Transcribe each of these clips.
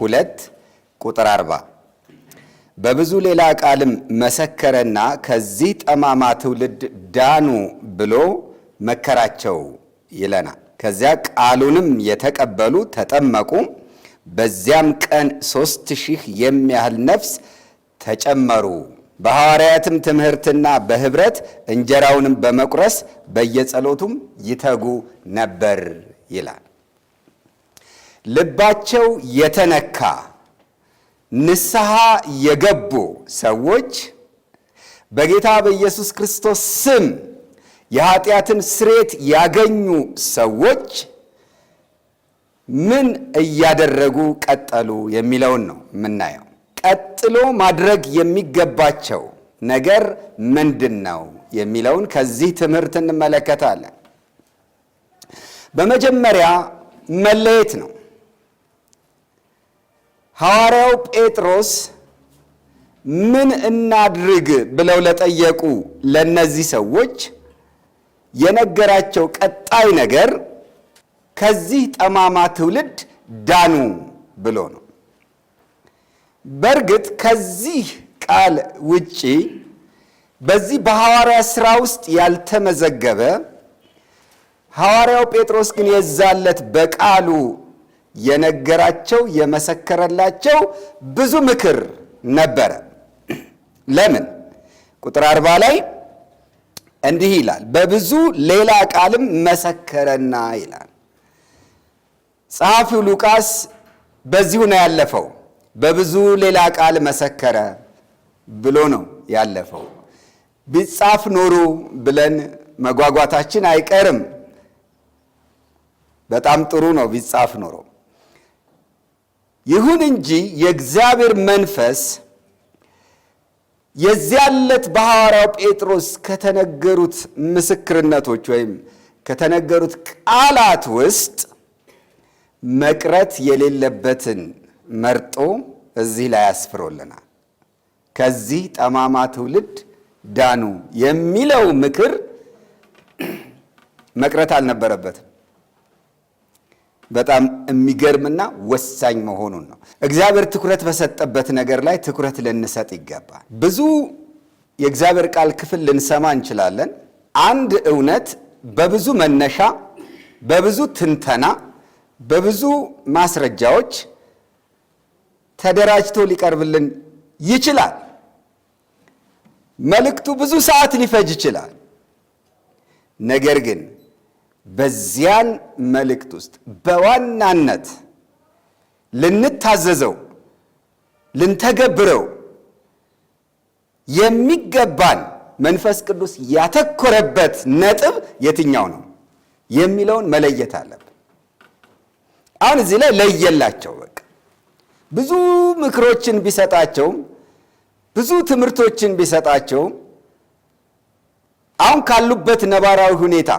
ሁለት ቁጥር አርባ በብዙ ሌላ ቃልም መሰከረና ከዚህ ጠማማ ትውልድ ዳኑ ብሎ መከራቸው ይለናል። ከዚያ ቃሉንም የተቀበሉ ተጠመቁ። በዚያም ቀን ሦስት ሺህ የሚያህል ነፍስ ተጨመሩ። በሐዋርያትም ትምህርትና በኅብረት እንጀራውንም በመቁረስ በየጸሎቱም ይተጉ ነበር ይላል። ልባቸው የተነካ ንስሐ የገቡ ሰዎች በጌታ በኢየሱስ ክርስቶስ ስም የኃጢአትን ስሬት ያገኙ ሰዎች ምን እያደረጉ ቀጠሉ የሚለውን ነው የምናየው። ቀጥሎ ማድረግ የሚገባቸው ነገር ምንድን ነው የሚለውን ከዚህ ትምህርት እንመለከታለን። በመጀመሪያ መለየት ነው። ሐዋርያው ጴጥሮስ ምን እናድርግ ብለው ለጠየቁ ለነዚህ ሰዎች የነገራቸው ቀጣይ ነገር ከዚህ ጠማማ ትውልድ ዳኑ ብሎ ነው። በእርግጥ ከዚህ ቃል ውጪ በዚህ በሐዋርያ ሥራ ውስጥ ያልተመዘገበ ሐዋርያው ጴጥሮስ ግን የዛለት በቃሉ የነገራቸው የመሰከረላቸው ብዙ ምክር ነበረ። ለምን? ቁጥር አርባ ላይ እንዲህ ይላል፣ በብዙ ሌላ ቃልም መሰከረና ይላል። ጸሐፊው ሉቃስ በዚሁ ነው ያለፈው። በብዙ ሌላ ቃል መሰከረ ብሎ ነው ያለፈው። ቢጻፍ ኖሮ ብለን መጓጓታችን አይቀርም። በጣም ጥሩ ነው ቢጻፍ ኖሮ ይሁን እንጂ የእግዚአብሔር መንፈስ የዚያለት በሐዋርያው ጴጥሮስ ከተነገሩት ምስክርነቶች ወይም ከተነገሩት ቃላት ውስጥ መቅረት የሌለበትን መርጦ እዚህ ላይ አስፍሮልናል። ከዚህ ጠማማ ትውልድ ዳኑ የሚለው ምክር መቅረት አልነበረበትም። በጣም የሚገርምና ወሳኝ መሆኑን ነው። እግዚአብሔር ትኩረት በሰጠበት ነገር ላይ ትኩረት ልንሰጥ ይገባል። ብዙ የእግዚአብሔር ቃል ክፍል ልንሰማ እንችላለን። አንድ እውነት በብዙ መነሻ፣ በብዙ ትንተና፣ በብዙ ማስረጃዎች ተደራጅቶ ሊቀርብልን ይችላል። መልእክቱ ብዙ ሰዓት ሊፈጅ ይችላል። ነገር ግን በዚያን መልእክት ውስጥ በዋናነት ልንታዘዘው ልንተገብረው የሚገባን መንፈስ ቅዱስ ያተኮረበት ነጥብ የትኛው ነው የሚለውን መለየት አለብን። አሁን እዚህ ላይ ለየላቸው። በቃ ብዙ ምክሮችን ቢሰጣቸውም ብዙ ትምህርቶችን ቢሰጣቸውም አሁን ካሉበት ነባራዊ ሁኔታ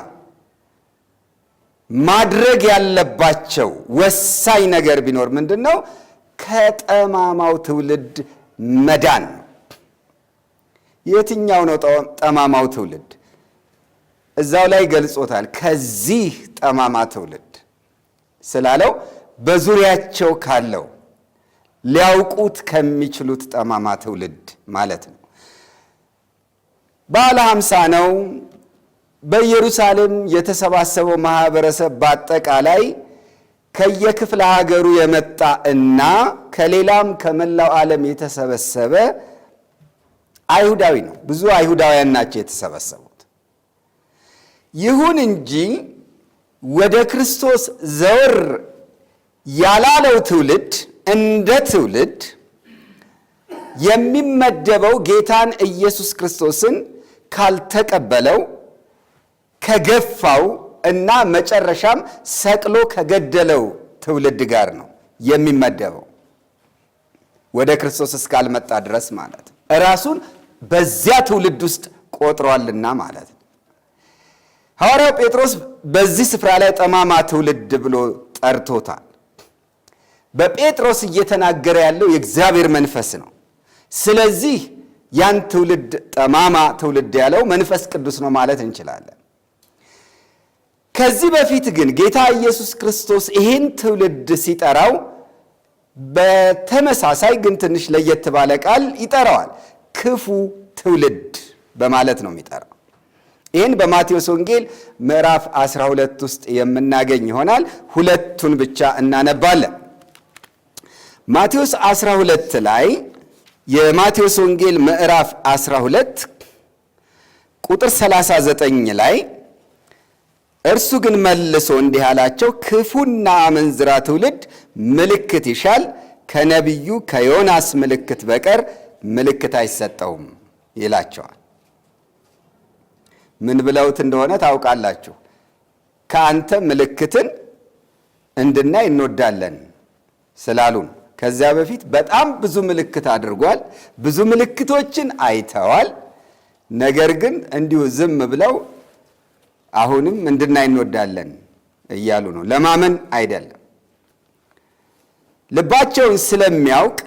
ማድረግ ያለባቸው ወሳኝ ነገር ቢኖር ምንድን ነው? ከጠማማው ትውልድ መዳን ነው። የትኛው ነው ጠማማው ትውልድ? እዛው ላይ ገልጾታል። ከዚህ ጠማማ ትውልድ ስላለው በዙሪያቸው ካለው ሊያውቁት ከሚችሉት ጠማማ ትውልድ ማለት ነው። ባለ ሀምሳ ነው። በኢየሩሳሌም የተሰባሰበው ማህበረሰብ በአጠቃላይ ከየክፍለ ሀገሩ የመጣ እና ከሌላም ከመላው ዓለም የተሰበሰበ አይሁዳዊ ነው። ብዙ አይሁዳውያን ናቸው የተሰበሰቡት። ይሁን እንጂ ወደ ክርስቶስ ዘወር ያላለው ትውልድ እንደ ትውልድ የሚመደበው ጌታን ኢየሱስ ክርስቶስን ካልተቀበለው ከገፋው እና መጨረሻም ሰቅሎ ከገደለው ትውልድ ጋር ነው የሚመደበው። ወደ ክርስቶስ እስካልመጣ ድረስ ማለት ራሱን በዚያ ትውልድ ውስጥ ቆጥሯልና ማለት ነው። ሐዋርያው ጴጥሮስ በዚህ ስፍራ ላይ ጠማማ ትውልድ ብሎ ጠርቶታል። በጴጥሮስ እየተናገረ ያለው የእግዚአብሔር መንፈስ ነው። ስለዚህ ያን ትውልድ ጠማማ ትውልድ ያለው መንፈስ ቅዱስ ነው ማለት እንችላለን። ከዚህ በፊት ግን ጌታ ኢየሱስ ክርስቶስ ይህን ትውልድ ሲጠራው በተመሳሳይ ግን ትንሽ ለየት ባለ ቃል ይጠራዋል። ክፉ ትውልድ በማለት ነው የሚጠራው። ይህን በማቴዎስ ወንጌል ምዕራፍ 12 ውስጥ የምናገኝ ይሆናል። ሁለቱን ብቻ እናነባለን። ማቴዎስ 12 ላይ የማቴዎስ ወንጌል ምዕራፍ 12 ቁጥር 39 ላይ እርሱ ግን መልሶ እንዲህ አላቸው፣ ክፉና አመንዝራ ትውልድ ምልክት ይሻል፣ ከነቢዩ ከዮናስ ምልክት በቀር ምልክት አይሰጠውም ይላቸዋል። ምን ብለውት እንደሆነ ታውቃላችሁ። ከአንተ ምልክትን እንድናይ እንወዳለን ስላሉን ከዚያ በፊት በጣም ብዙ ምልክት አድርጓል። ብዙ ምልክቶችን አይተዋል። ነገር ግን እንዲሁ ዝም ብለው አሁንም እንድናይ እንወዳለን እያሉ ነው። ለማመን አይደለም። ልባቸውን ስለሚያውቅ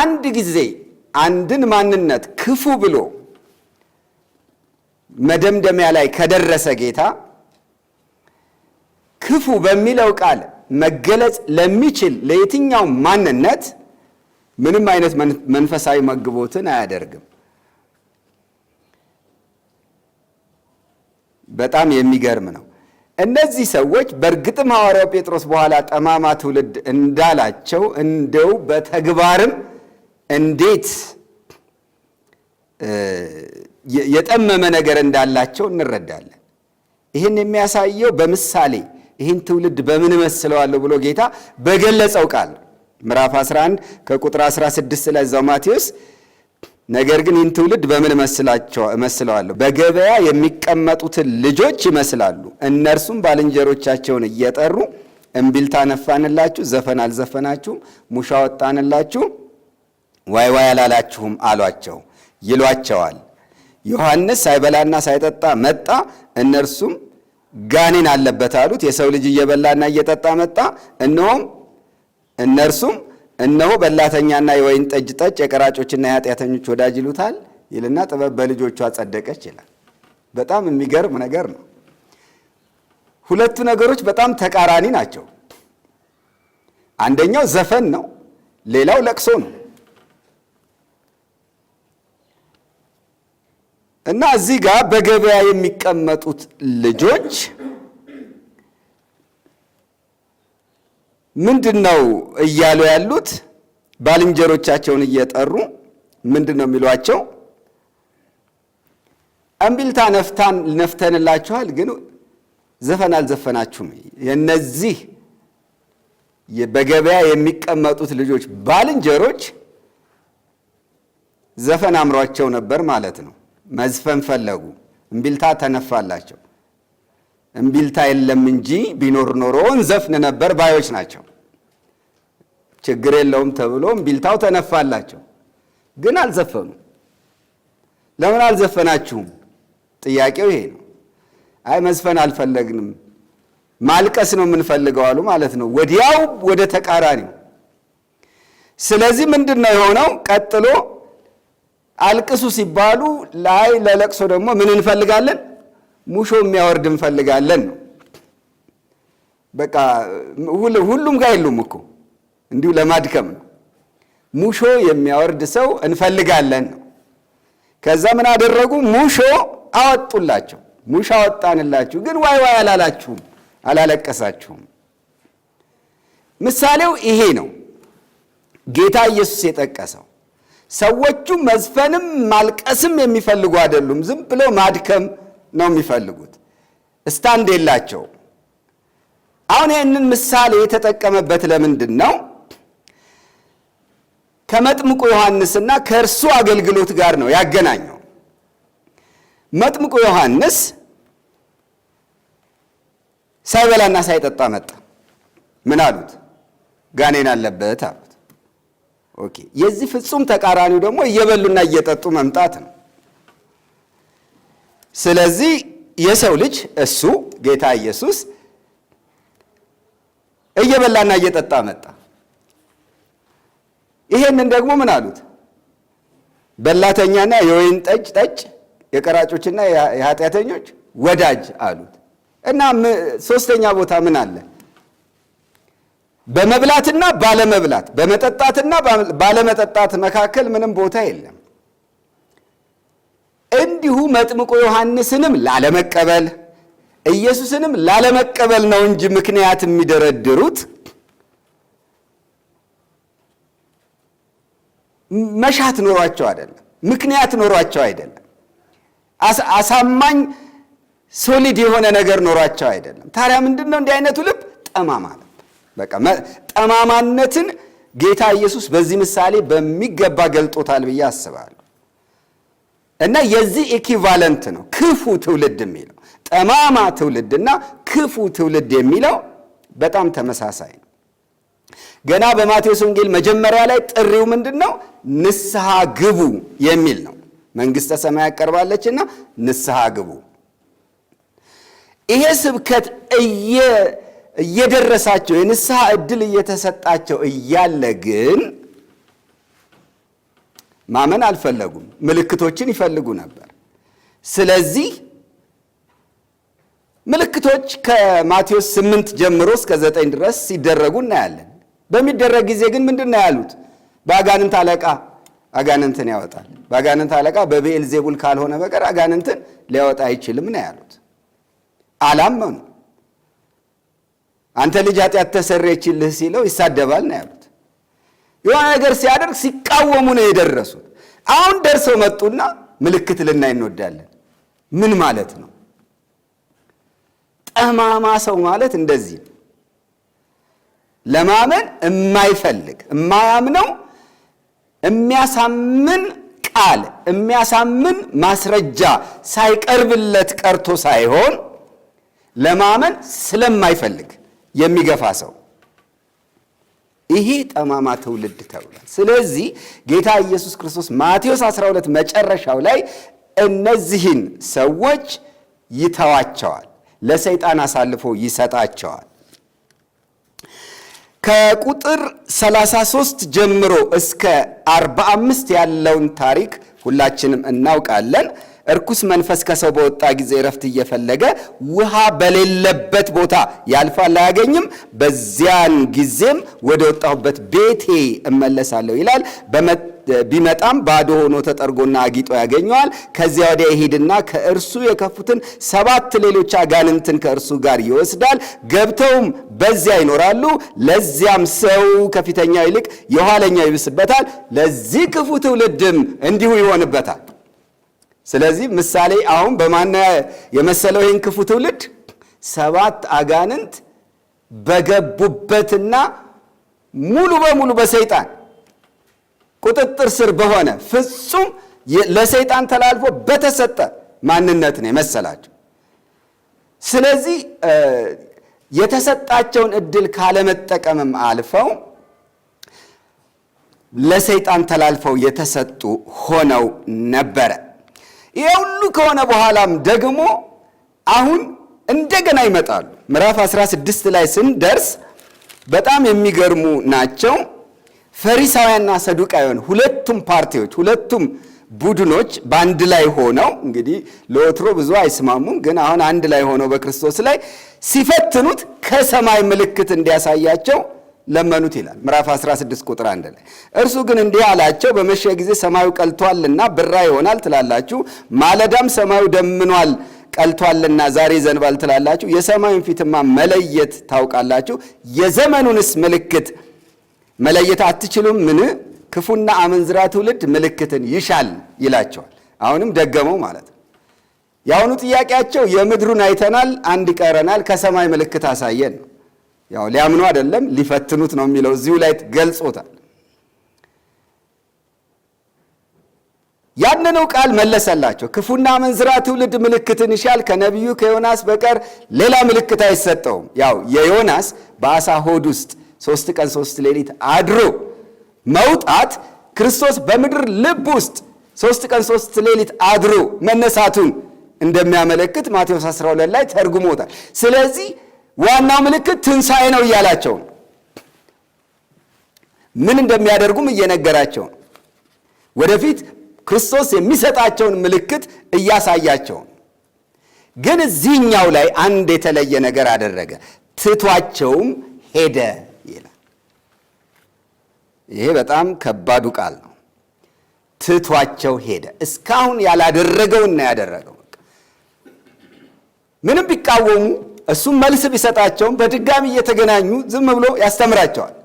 አንድ ጊዜ አንድን ማንነት ክፉ ብሎ መደምደሚያ ላይ ከደረሰ ጌታ ክፉ በሚለው ቃል መገለጽ ለሚችል ለየትኛው ማንነት ምንም አይነት መንፈሳዊ መግቦትን አያደርግም። በጣም የሚገርም ነው። እነዚህ ሰዎች በእርግጥም ሐዋርያው ጴጥሮስ በኋላ ጠማማ ትውልድ እንዳላቸው እንደው በተግባርም እንዴት የጠመመ ነገር እንዳላቸው እንረዳለን። ይህን የሚያሳየው በምሳሌ ይህን ትውልድ በምን እመስለዋለሁ ብሎ ጌታ በገለጸው ቃል ምዕራፍ 11 ከቁጥር 16 ላይ እዛው ማቴዎስ ነገር ግን ይህን ትውልድ በምን እመስለዋለሁ? በገበያ የሚቀመጡትን ልጆች ይመስላሉ። እነርሱም ባልንጀሮቻቸውን እየጠሩ እምቢልታ ነፋንላችሁ፣ ዘፈን አልዘፈናችሁም፣ ሙሻ ወጣንላችሁ፣ ዋይ ዋይ አላላችሁም አሏቸው ይሏቸዋል። ዮሐንስ ሳይበላና ሳይጠጣ መጣ፣ እነርሱም ጋኔን አለበት አሉት። የሰው ልጅ እየበላና እየጠጣ መጣ፣ እነሆም እነርሱም እነሆ በላተኛና የወይን ጠጅ ጠጭ የቀራጮችና የኃጢአተኞች ወዳጅ ይሉታል ይልና ጥበብ በልጆቿ ጸደቀች ይላል። በጣም የሚገርም ነገር ነው። ሁለቱ ነገሮች በጣም ተቃራኒ ናቸው። አንደኛው ዘፈን ነው፣ ሌላው ለቅሶ ነው። እና እዚህ ጋር በገበያ የሚቀመጡት ልጆች ምንድን ነው እያሉ ያሉት? ባልንጀሮቻቸውን እየጠሩ ምንድን ነው የሚሏቸው? እምቢልታ ነፍታን ነፍተንላችኋል፣ ግን ዘፈን አልዘፈናችሁም። የነዚህ በገበያ የሚቀመጡት ልጆች ባልንጀሮች ዘፈን አምሯቸው ነበር ማለት ነው። መዝፈን ፈለጉ። እምቢልታ ተነፋላቸው። እምቢልታ የለም እንጂ ቢኖር ኖሮ እንዘፍን ነበር ባዮች ናቸው። ችግር የለውም ተብሎ ቢልታው ተነፋላቸው። ግን አልዘፈኑም። ለምን አልዘፈናችሁም? ጥያቄው ይሄ ነው። አይ መዝፈን አልፈለግንም ማልቀስ ነው የምንፈልገው አሉ ማለት ነው። ወዲያው ወደ ተቃራኒው። ስለዚህ ምንድን ነው የሆነው? ቀጥሎ አልቅሱ ሲባሉ ላይ ለለቅሶ ደግሞ ምን እንፈልጋለን? ሙሾ የሚያወርድ እንፈልጋለን ነው። በቃ ሁሉም ጋር የሉም እኮ እንዲሁ ለማድከም ነው። ሙሾ የሚያወርድ ሰው እንፈልጋለን ነው። ከዛ ምን አደረጉ? ሙሾ አወጡላቸው። ሙሾ አወጣንላችሁ፣ ግን ዋይ ዋይ አላላችሁም፣ አላለቀሳችሁም። ምሳሌው ይሄ ነው ጌታ ኢየሱስ የጠቀሰው። ሰዎቹ መዝፈንም ማልቀስም የሚፈልጉ አይደሉም። ዝም ብሎ ማድከም ነው የሚፈልጉት። እስታንድ የላቸው። አሁን ይህንን ምሳሌ የተጠቀመበት ለምንድን ነው? ከመጥምቁ ዮሐንስና ከእርሱ አገልግሎት ጋር ነው ያገናኘው። መጥምቁ ዮሐንስ ሳይበላና ሳይጠጣ መጣ። ምን አሉት? ጋኔን አለበት አሉት። ኦኬ። የዚህ ፍጹም ተቃራኒው ደግሞ እየበሉና እየጠጡ መምጣት ነው። ስለዚህ የሰው ልጅ እሱ ጌታ ኢየሱስ እየበላና እየጠጣ መጣ። ይሄንን ደግሞ ምን አሉት? በላተኛና የወይን ጠጅ ጠጭ፣ የቀራጮችና የኃጢአተኞች ወዳጅ አሉት። እና ሶስተኛ ቦታ ምን አለ? በመብላትና ባለመብላት በመጠጣትና ባለመጠጣት መካከል ምንም ቦታ የለም። እንዲሁ መጥምቆ ዮሐንስንም ላለመቀበል ኢየሱስንም ላለመቀበል ነው እንጂ ምክንያት የሚደረድሩት መሻት ኖሯቸው አይደለም፣ ምክንያት ኖሯቸው አይደለም፣ አሳማኝ ሶሊድ የሆነ ነገር ኖሯቸው አይደለም። ታዲያ ምንድን ነው እንዲህ አይነቱ ልብ? ጠማማ ልብ። በቃ ጠማማነትን ጌታ ኢየሱስ በዚህ ምሳሌ በሚገባ ገልጦታል ብዬ አስባለሁ። እና የዚህ ኢኪቫለንት ነው ክፉ ትውልድ የሚለው ጠማማ ትውልድና ክፉ ትውልድ የሚለው በጣም ተመሳሳይ ነው። ገና በማቴዎስ ወንጌል መጀመሪያ ላይ ጥሪው ምንድን ነው? ንስሐ ግቡ የሚል ነው። መንግሥተ ሰማያት ቀርባለችና ንስሐ ግቡ። ይሄ ስብከት እየደረሳቸው የንስሐ ዕድል እየተሰጣቸው እያለ ግን ማመን አልፈለጉም። ምልክቶችን ይፈልጉ ነበር። ስለዚህ ምልክቶች ከማቴዎስ 8 ጀምሮ እስከ 9 ድረስ ሲደረጉ እናያለን። በሚደረግ ጊዜ ግን ምንድን ነው ያሉት? በአጋንንት አለቃ አጋንንትን ያወጣል። በአጋንንት አለቃ በብኤል ዜቡል ካልሆነ በቀር አጋንንትን ሊያወጣ አይችልም ነው ያሉት። አላመኑ። አንተ ልጅ ኃጢአት ተሰረየችልህ ሲለው ይሳደባል ነው ያሉት። የሆነ ነገር ሲያደርግ ሲቃወሙ ነው የደረሱት። አሁን ደርሰው መጡና ምልክት ልናይ እንወዳለን። ምን ማለት ነው? ጠማማ ሰው ማለት እንደዚህ ለማመን የማይፈልግ የማያምነው የሚያሳምን ቃል የሚያሳምን ማስረጃ ሳይቀርብለት ቀርቶ ሳይሆን ለማመን ስለማይፈልግ የሚገፋ ሰው ይሄ ጠማማ ትውልድ ተብሏል። ስለዚህ ጌታ ኢየሱስ ክርስቶስ ማቴዎስ 12 መጨረሻው ላይ እነዚህን ሰዎች ይተዋቸዋል፣ ለሰይጣን አሳልፎ ይሰጣቸዋል። ከቁጥር 33 ጀምሮ እስከ 45 ያለውን ታሪክ ሁላችንም እናውቃለን። እርኩስ መንፈስ ከሰው በወጣ ጊዜ እረፍት እየፈለገ ውሃ በሌለበት ቦታ ያልፋል፣ አያገኝም። በዚያን ጊዜም ወደ ወጣሁበት ቤቴ እመለሳለሁ ይላል። ቢመጣም ባዶ ሆኖ ተጠርጎና አጊጦ ያገኘዋል። ከዚያ ወዲያ ይሄድና ከእርሱ የከፉትን ሰባት ሌሎች አጋንንትን ከእርሱ ጋር ይወስዳል። ገብተውም በዚያ ይኖራሉ። ለዚያም ሰው ከፊተኛው ይልቅ የኋለኛው ይብስበታል፣ ለዚህ ክፉ ትውልድም እንዲሁ ይሆንበታል። ስለዚህ ምሳሌ አሁን በማና የመሰለው ይህን ክፉ ትውልድ? ሰባት አጋንንት በገቡበትና ሙሉ በሙሉ በሰይጣን ቁጥጥር ስር በሆነ ፍጹም ለሰይጣን ተላልፎ በተሰጠ ማንነት ነው የመሰላቸው። ስለዚህ የተሰጣቸውን እድል ካለመጠቀምም አልፈው ለሰይጣን ተላልፈው የተሰጡ ሆነው ነበረ። ይሄ ሁሉ ከሆነ በኋላም ደግሞ አሁን እንደገና ይመጣሉ። ምዕራፍ 16 ላይ ስንደርስ በጣም የሚገርሙ ናቸው። ፈሪሳውያንና ሰዱቃውያን ሁለቱም ፓርቲዎች ሁለቱም ቡድኖች በአንድ ላይ ሆነው እንግዲህ ለወትሮ ብዙ አይስማሙም፣ ግን አሁን አንድ ላይ ሆነው በክርስቶስ ላይ ሲፈትኑት ከሰማይ ምልክት እንዲያሳያቸው ለመኑት ይላል ምዕራፍ 16 ቁጥር አንድ ላይ እርሱ ግን እንዲህ አላቸው፣ በመሸ ጊዜ ሰማዩ ቀልቷልና ብራ ይሆናል ትላላችሁ፣ ማለዳም ሰማዩ ደምኗል ቀልቷልና ዛሬ ዘንባል ትላላችሁ፣ የሰማዩን ፊትማ መለየት ታውቃላችሁ፣ የዘመኑንስ ምልክት መለየት አትችሉም? ምን ክፉና አመንዝራ ትውልድ ምልክትን ይሻል ይላቸዋል። አሁንም ደገመው ማለት ነው። የአሁኑ ጥያቄያቸው የምድሩን አይተናል፣ አንድ ይቀረናል፣ ከሰማይ ምልክት አሳየን ነው። ያው ሊያምኑ አይደለም ሊፈትኑት ነው የሚለው እዚሁ ላይ ገልጾታል። ያንኑ ቃል መለሰላቸው። ክፉና አመንዝራ ትውልድ ምልክትን ይሻል፣ ከነቢዩ ከዮናስ በቀር ሌላ ምልክት አይሰጠውም። ያው የዮናስ በአሳ ሆድ ውስጥ ሶስት ቀን ሶስት ሌሊት አድሮ መውጣት ክርስቶስ በምድር ልብ ውስጥ ሶስት ቀን ሶስት ሌሊት አድሮ መነሳቱን እንደሚያመለክት ማቴዎስ 12 ላይ ተርጉሞታል። ስለዚህ ዋናው ምልክት ትንሣኤ ነው እያላቸው ነው። ምን እንደሚያደርጉም እየነገራቸው ነው። ወደፊት ክርስቶስ የሚሰጣቸውን ምልክት እያሳያቸው ነው። ግን እዚህኛው ላይ አንድ የተለየ ነገር አደረገ። ትቷቸውም ሄደ። ይሄ በጣም ከባዱ ቃል ነው። ትቷቸው ሄደ። እስካሁን ያላደረገውና ያደረገው ምንም ቢቃወሙ እሱም መልስ ቢሰጣቸውም በድጋሚ እየተገናኙ ዝም ብሎ ያስተምራቸዋል።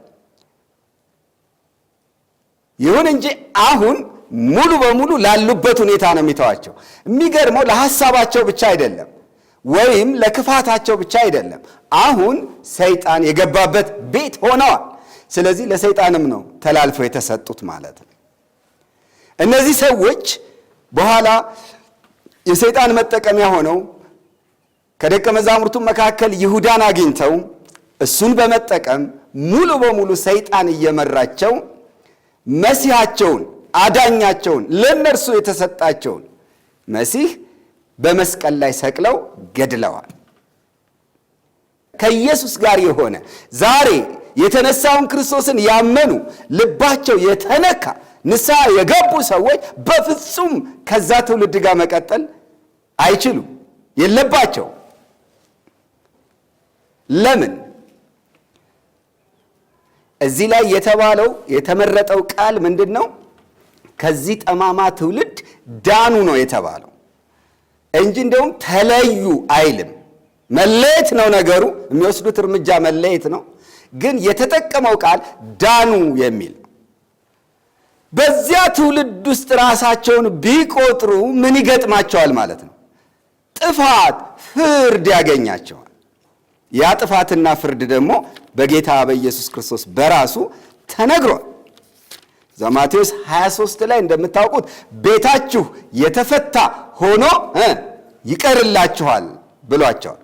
ይሁን እንጂ አሁን ሙሉ በሙሉ ላሉበት ሁኔታ ነው የሚተዋቸው። የሚገርመው ለሐሳባቸው ብቻ አይደለም፣ ወይም ለክፋታቸው ብቻ አይደለም። አሁን ሰይጣን የገባበት ቤት ሆነዋል። ስለዚህ ለሰይጣንም ነው ተላልፈው የተሰጡት ማለት ነው። እነዚህ ሰዎች በኋላ የሰይጣን መጠቀሚያ ሆነው ከደቀ መዛሙርቱ መካከል ይሁዳን አግኝተው እሱን በመጠቀም ሙሉ በሙሉ ሰይጣን እየመራቸው መሲሃቸውን አዳኛቸውን ለእነርሱ የተሰጣቸውን መሲህ በመስቀል ላይ ሰቅለው ገድለዋል። ከኢየሱስ ጋር የሆነ ዛሬ የተነሳውን ክርስቶስን ያመኑ ልባቸው የተነካ ንስሐ የገቡ ሰዎች በፍጹም ከዛ ትውልድ ጋር መቀጠል አይችሉም፣ የለባቸው። ለምን? እዚህ ላይ የተባለው የተመረጠው ቃል ምንድን ነው? ከዚህ ጠማማ ትውልድ ዳኑ ነው የተባለው እንጂ እንደውም ተለዩ አይልም። መለየት ነው ነገሩ። የሚወስዱት እርምጃ መለየት ነው። ግን የተጠቀመው ቃል ዳኑ የሚል በዚያ ትውልድ ውስጥ ራሳቸውን ቢቆጥሩ ምን ይገጥማቸዋል ማለት ነው? ጥፋት፣ ፍርድ ያገኛቸዋል። ያ ጥፋትና ፍርድ ደግሞ በጌታ በኢየሱስ ክርስቶስ በራሱ ተነግሯል። ዘማቴዎስ ማቴዎስ 23 ላይ እንደምታውቁት ቤታችሁ የተፈታ ሆኖ ይቀርላችኋል ብሏቸዋል።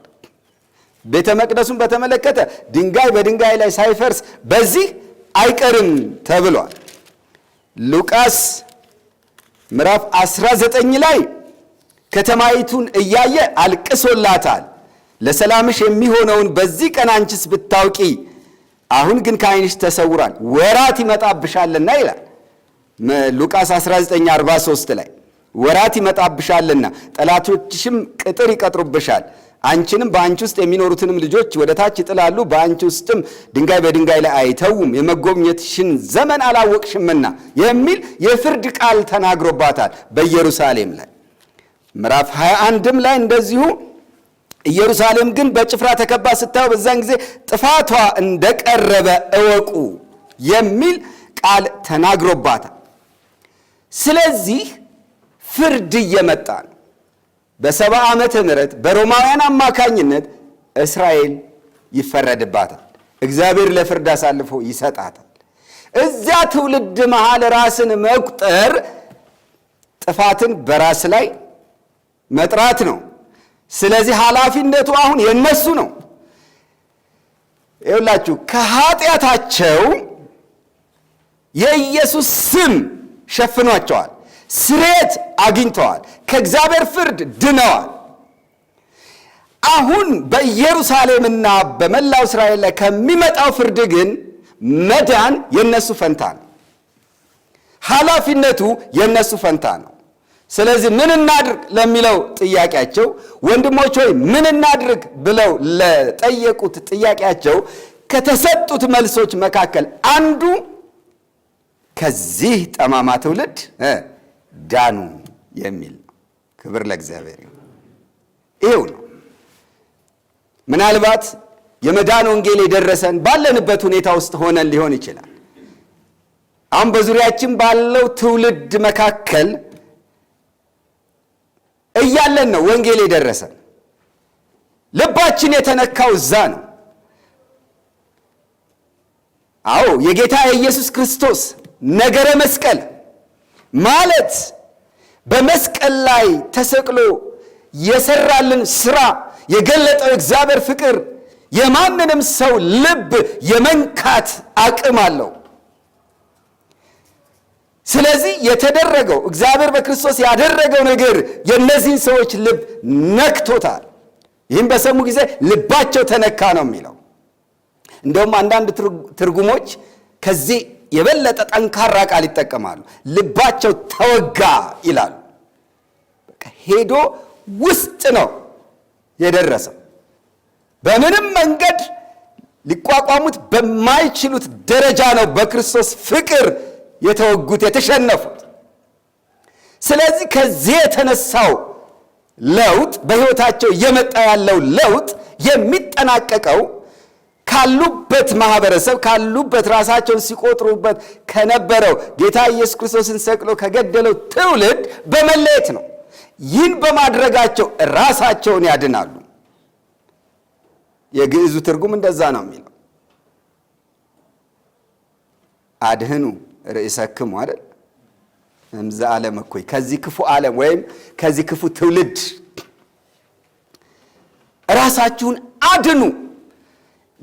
ቤተ መቅደሱን በተመለከተ ድንጋይ በድንጋይ ላይ ሳይፈርስ በዚህ አይቀርም ተብሏል። ሉቃስ ምዕራፍ 19 ላይ ከተማይቱን እያየ አልቅሶላታል። ለሰላምሽ የሚሆነውን በዚህ ቀን አንቺስ ብታውቂ፣ አሁን ግን ከዓይንሽ ተሰውራል፣ ወራት ይመጣብሻልና ይላል ሉቃስ 19፥43 ላይ ወራት ይመጣብሻልና ጠላቶችሽም ቅጥር ይቀጥሩብሻል አንቺንም በአንቺ ውስጥ የሚኖሩትንም ልጆች ወደ ታች ይጥላሉ፣ በአንቺ ውስጥም ድንጋይ በድንጋይ ላይ አይተውም፣ የመጎብኘትሽን ዘመን አላወቅሽምና የሚል የፍርድ ቃል ተናግሮባታል በኢየሩሳሌም ላይ። ምዕራፍ 21ም ላይ እንደዚሁ ኢየሩሳሌም ግን በጭፍራ ተከባ ስታዩ በዛን ጊዜ ጥፋቷ እንደቀረበ እወቁ የሚል ቃል ተናግሮባታል። ስለዚህ ፍርድ እየመጣ ነው። በሰባ ዓመተ ምህረት በሮማውያን አማካኝነት እስራኤል ይፈረድባታል። እግዚአብሔር ለፍርድ አሳልፎ ይሰጣታል። እዚያ ትውልድ መሃል ራስን መቁጠር ጥፋትን በራስ ላይ መጥራት ነው። ስለዚህ ኃላፊነቱ አሁን የነሱ ነው። ይኸውላችሁ ከኃጢአታቸው የኢየሱስ ስም ሸፍኗቸዋል። ስርየት አግኝተዋል፣ ከእግዚአብሔር ፍርድ ድነዋል። አሁን በኢየሩሳሌምና በመላው እስራኤል ላይ ከሚመጣው ፍርድ ግን መዳን የነሱ ፈንታ ነው። ኃላፊነቱ የነሱ ፈንታ ነው። ስለዚህ ምን እናድርግ ለሚለው ጥያቄያቸው ወንድሞች ሆይ ምን እናድርግ ብለው ለጠየቁት ጥያቄያቸው ከተሰጡት መልሶች መካከል አንዱ ከዚህ ጠማማ ትውልድ ዳኑ የሚል ክብር ለእግዚአብሔር። ይሄው ነው። ምናልባት የመዳን ወንጌል የደረሰን ባለንበት ሁኔታ ውስጥ ሆነን ሊሆን ይችላል። አሁን በዙሪያችን ባለው ትውልድ መካከል እያለን ነው ወንጌል የደረሰን። ልባችን የተነካው እዛ ነው። አዎ የጌታ የኢየሱስ ክርስቶስ ነገረ መስቀል ማለት በመስቀል ላይ ተሰቅሎ የሰራልን ስራ የገለጠው እግዚአብሔር ፍቅር የማንንም ሰው ልብ የመንካት አቅም አለው። ስለዚህ የተደረገው እግዚአብሔር በክርስቶስ ያደረገው ነገር የእነዚህን ሰዎች ልብ ነክቶታል። ይህም በሰሙ ጊዜ ልባቸው ተነካ ነው የሚለው። እንደውም አንዳንድ ትርጉሞች ከዚህ የበለጠ ጠንካራ ቃል ይጠቀማሉ። ልባቸው ተወጋ ይላሉ። ሄዶ ውስጥ ነው የደረሰው። በምንም መንገድ ሊቋቋሙት በማይችሉት ደረጃ ነው በክርስቶስ ፍቅር የተወጉት የተሸነፉት። ስለዚህ ከዚህ የተነሳው ለውጥ በሕይወታቸው እየመጣ ያለው ለውጥ የሚጠናቀቀው ካሉበት ማህበረሰብ ካሉበት ራሳቸውን ሲቆጥሩበት ከነበረው ጌታ ኢየሱስ ክርስቶስን ሰቅሎ ከገደለው ትውልድ በመለየት ነው። ይህን በማድረጋቸው ራሳቸውን ያድናሉ። የግዕዙ ትርጉም እንደዛ ነው የሚለው። አድህኑ ርእሰክሙ አይደል እምዘ ዓለም እኮይ ከዚህ ክፉ ዓለም ወይም ከዚህ ክፉ ትውልድ ራሳችሁን አድኑ።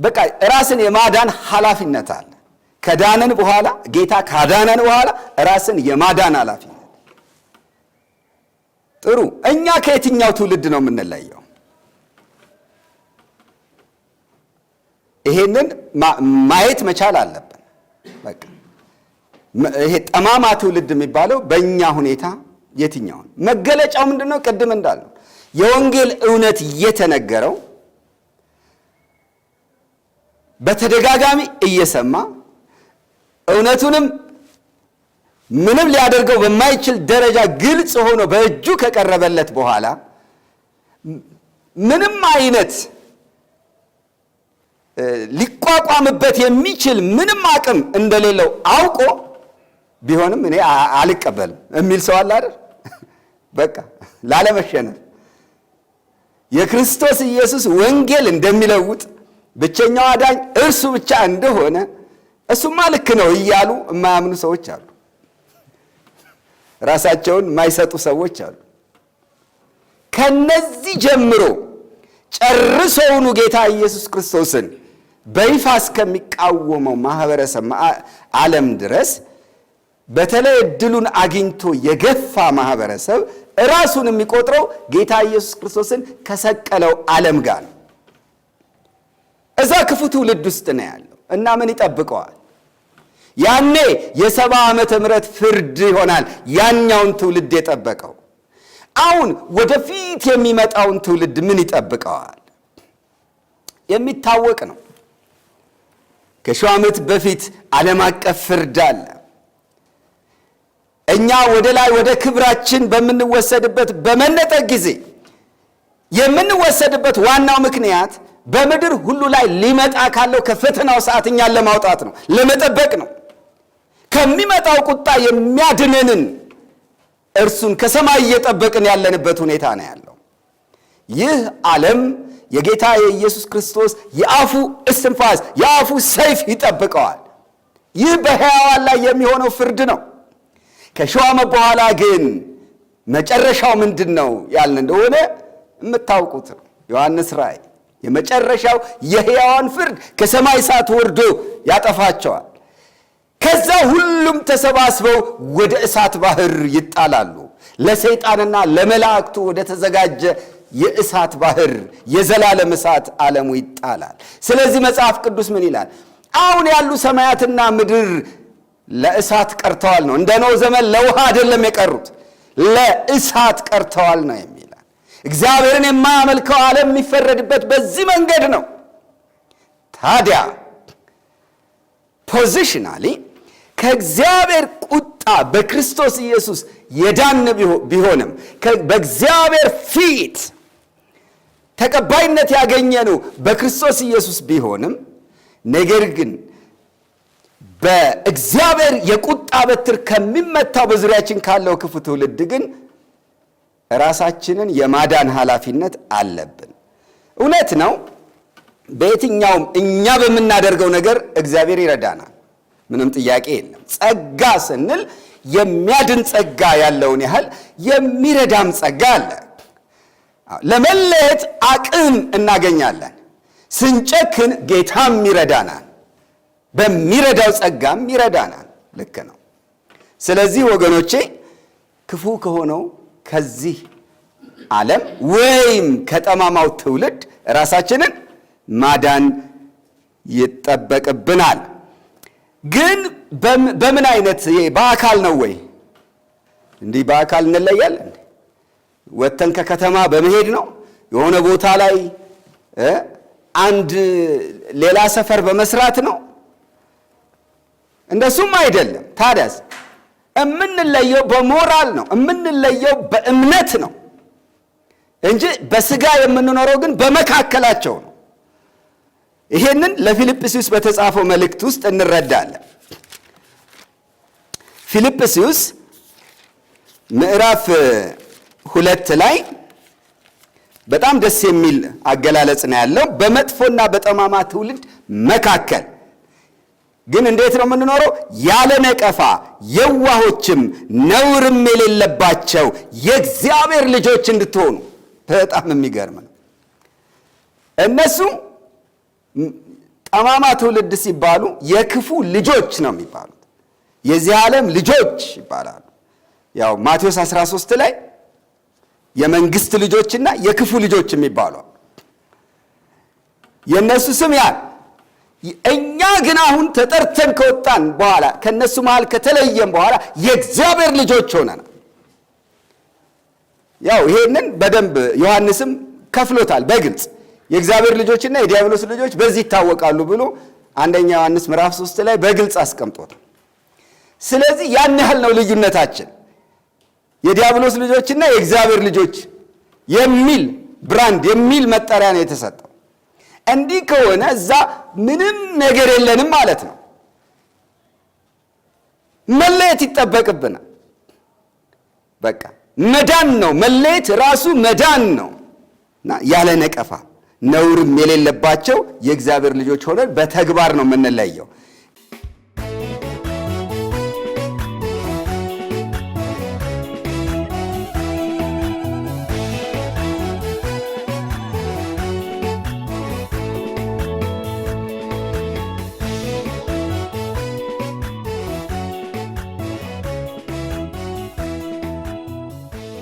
በቃ ራስን የማዳን ኃላፊነት አለ። ከዳንን በኋላ ጌታ ካዳነን በኋላ ራስን የማዳን ኃላፊነት ጥሩ። እኛ ከየትኛው ትውልድ ነው የምንለየው? ይሄንን ማየት መቻል አለብን። በቃ ይሄ ጠማማ ትውልድ የሚባለው በእኛ ሁኔታ የትኛውን መገለጫው ምንድን ነው? ቅድም እንዳለው የወንጌል እውነት እየተነገረው በተደጋጋሚ እየሰማ እውነቱንም ምንም ሊያደርገው በማይችል ደረጃ ግልጽ ሆኖ በእጁ ከቀረበለት በኋላ ምንም አይነት ሊቋቋምበት የሚችል ምንም አቅም እንደሌለው አውቆ ቢሆንም እኔ አልቀበልም የሚል ሰው አለ አይደል? በቃ ላለመሸነፍ የክርስቶስ ኢየሱስ ወንጌል እንደሚለውጥ ብቸኛው አዳኝ እርሱ ብቻ እንደሆነ እሱማ ልክ ነው እያሉ የማያምኑ ሰዎች አሉ። ራሳቸውን የማይሰጡ ሰዎች አሉ። ከነዚህ ጀምሮ ጨርሶውኑ ጌታ ኢየሱስ ክርስቶስን በይፋ እስከሚቃወመው ማህበረሰብ ዓለም ድረስ በተለይ እድሉን አግኝቶ የገፋ ማህበረሰብ ራሱን የሚቆጥረው ጌታ ኢየሱስ ክርስቶስን ከሰቀለው ዓለም ጋር ነው። እዛ ክፉ ትውልድ ውስጥ ነው ያለው እና ምን ይጠብቀዋል? ያኔ የሰባ ዓመተ ምረት ፍርድ ይሆናል ያኛውን ትውልድ የጠበቀው። አሁን ወደፊት የሚመጣውን ትውልድ ምን ይጠብቀዋል? የሚታወቅ ነው። ከሺ ዓመት በፊት ዓለም አቀፍ ፍርድ አለ። እኛ ወደ ላይ ወደ ክብራችን በምንወሰድበት በመነጠቅ ጊዜ የምንወሰድበት ዋናው ምክንያት በምድር ሁሉ ላይ ሊመጣ ካለው ከፈተናው ሰዓት እኛን ለማውጣት ነው፣ ለመጠበቅ ነው። ከሚመጣው ቁጣ የሚያድነንን እርሱን ከሰማይ እየጠበቅን ያለንበት ሁኔታ ነው ያለው። ይህ ዓለም የጌታ የኢየሱስ ክርስቶስ የአፉ እስትንፋስ የአፉ ሰይፍ ይጠብቀዋል። ይህ በሕያዋን ላይ የሚሆነው ፍርድ ነው። ከሸዋመ በኋላ ግን መጨረሻው ምንድን ነው ያልን እንደሆነ የምታውቁት ነው። ዮሐንስ ራእይ የመጨረሻው የሕያዋን ፍርድ ከሰማይ እሳት ወርዶ ያጠፋቸዋል። ከዛ ሁሉም ተሰባስበው ወደ እሳት ባህር ይጣላሉ። ለሰይጣንና ለመላእክቱ ወደ ተዘጋጀ የእሳት ባህር የዘላለም እሳት ዓለሙ ይጣላል። ስለዚህ መጽሐፍ ቅዱስ ምን ይላል? አሁን ያሉ ሰማያትና ምድር ለእሳት ቀርተዋል ነው። እንደ ኖህ ዘመን ለውሃ አይደለም የቀሩት፣ ለእሳት ቀርተዋል ነው የሚ እግዚአብሔርን የማያመልከው ዓለም የሚፈረድበት በዚህ መንገድ ነው። ታዲያ ፖዚሽናሊ ከእግዚአብሔር ቁጣ በክርስቶስ ኢየሱስ የዳን ቢሆንም በእግዚአብሔር ፊት ተቀባይነት ያገኘነው በክርስቶስ ኢየሱስ ቢሆንም ነገር ግን በእግዚአብሔር የቁጣ በትር ከሚመታው በዙሪያችን ካለው ክፉ ትውልድ ግን ራሳችንን የማዳን ኃላፊነት አለብን። እውነት ነው። በየትኛውም እኛ በምናደርገው ነገር እግዚአብሔር ይረዳናል። ምንም ጥያቄ የለም። ጸጋ ስንል የሚያድን ጸጋ ያለውን ያህል የሚረዳም ጸጋ አለ። ለመለየት አቅም እናገኛለን። ስንጨክን ጌታም ይረዳናል፣ በሚረዳው ጸጋም ይረዳናል። ልክ ነው። ስለዚህ ወገኖቼ ክፉ ከሆነው ከዚህ ዓለም ወይም ከጠማማው ትውልድ ራሳችንን ማዳን ይጠበቅብናል። ግን በምን አይነት በአካል ነው ወይ? እንዲህ በአካል እንለያለን? ወጥተን ከከተማ በመሄድ ነው? የሆነ ቦታ ላይ አንድ ሌላ ሰፈር በመስራት ነው? እንደሱም አይደለም። ታዲያስ የምንለየው በሞራል ነው፣ የምንለየው በእምነት ነው እንጂ በስጋ የምንኖረው ግን በመካከላቸው ነው። ይሄንን ለፊልጵስዩስ በተጻፈው መልእክት ውስጥ እንረዳለን። ፊልጵስዩስ ምዕራፍ ሁለት ላይ በጣም ደስ የሚል አገላለጽ ነው ያለው። በመጥፎና በጠማማ ትውልድ መካከል ግን እንዴት ነው የምንኖረው? ያለ ነቀፋ የዋሆችም ነውርም የሌለባቸው የእግዚአብሔር ልጆች እንድትሆኑ። በጣም የሚገርም ነው። እነሱም ጠማማ ትውልድ ሲባሉ የክፉ ልጆች ነው የሚባሉት። የዚህ ዓለም ልጆች ይባላሉ። ያው ማቴዎስ 13 ላይ የመንግስት ልጆችና የክፉ ልጆች የሚባሉ የእነሱ ስም ያል እኛ ግን አሁን ተጠርተን ከወጣን በኋላ ከእነሱ መሃል ከተለየን በኋላ የእግዚአብሔር ልጆች ሆነናል። ያው ይሄንን በደንብ ዮሐንስም ከፍሎታል በግልጽ የእግዚአብሔር ልጆችና የዲያብሎስ ልጆች በዚህ ይታወቃሉ ብሎ አንደኛ ዮሐንስ ምዕራፍ ሶስት ላይ በግልጽ አስቀምጦታል። ስለዚህ ያን ያህል ነው ልዩነታችን የዲያብሎስ ልጆችና የእግዚአብሔር ልጆች የሚል ብራንድ የሚል መጠሪያ ነው የተሰጠው። እንዲህ ከሆነ እዛ ምንም ነገር የለንም ማለት ነው። መለየት ይጠበቅብናል። በቃ መዳን ነው። መለየት ራሱ መዳን ነው ያለ ነቀፋ ነውርም የሌለባቸው የእግዚአብሔር ልጆች ሆነን በተግባር ነው የምንለየው።